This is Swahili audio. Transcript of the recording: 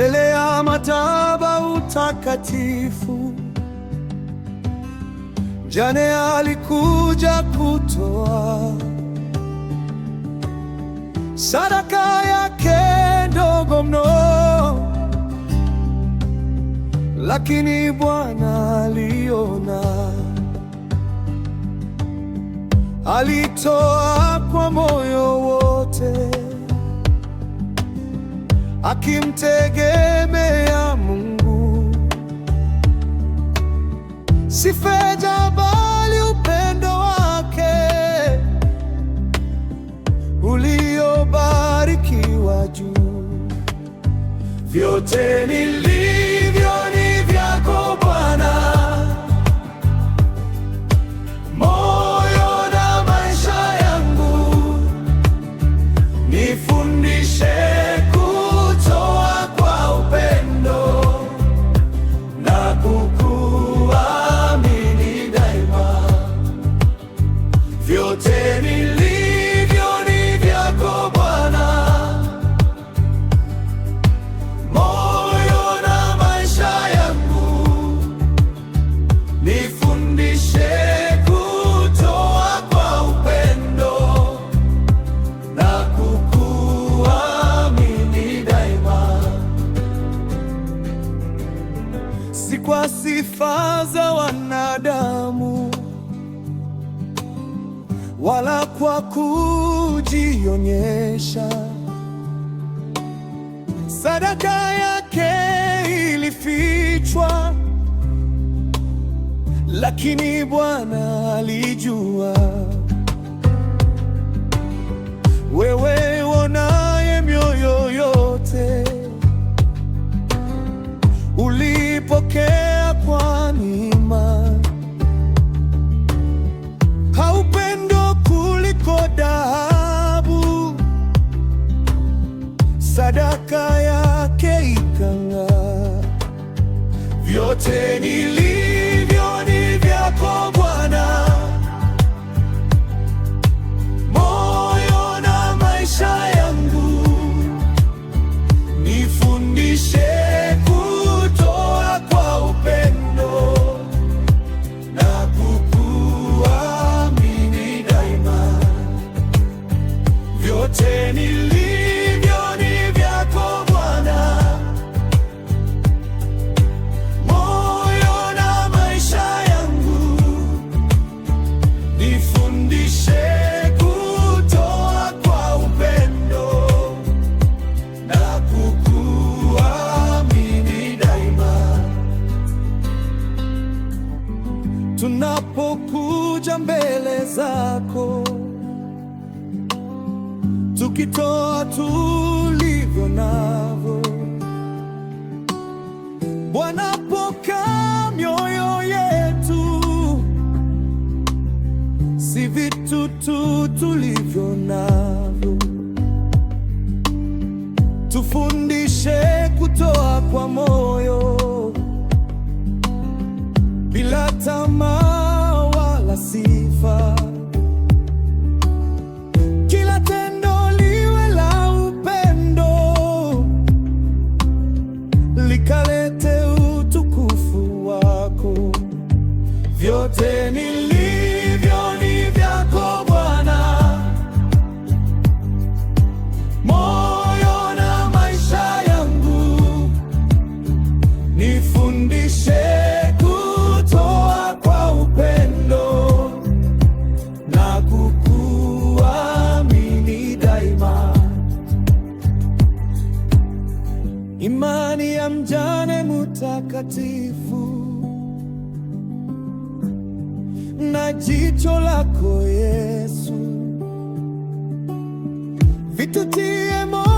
mbele ya mataba utakatifu. Mjane alikuja kutoa sadaka yake ndogo mno, lakini Bwana aliona, alitoa kwa moyo wote akimtegemea Mungu, si fedha bali upendo wake uliobarikiwa juu vyote nili sifa za wanadamu, wala kwa kujionyesha. Sadaka yake ilifichwa, lakini Bwana alijua wewe mbele zako, tukitoa tulivyo navyo. Bwana, poka mioyo yetu, si vitu tu tulivyo navyo, tufundishe kutoa kwa moyo bila tamaa. nguvu na jicho lako Yesu, vitutie moyo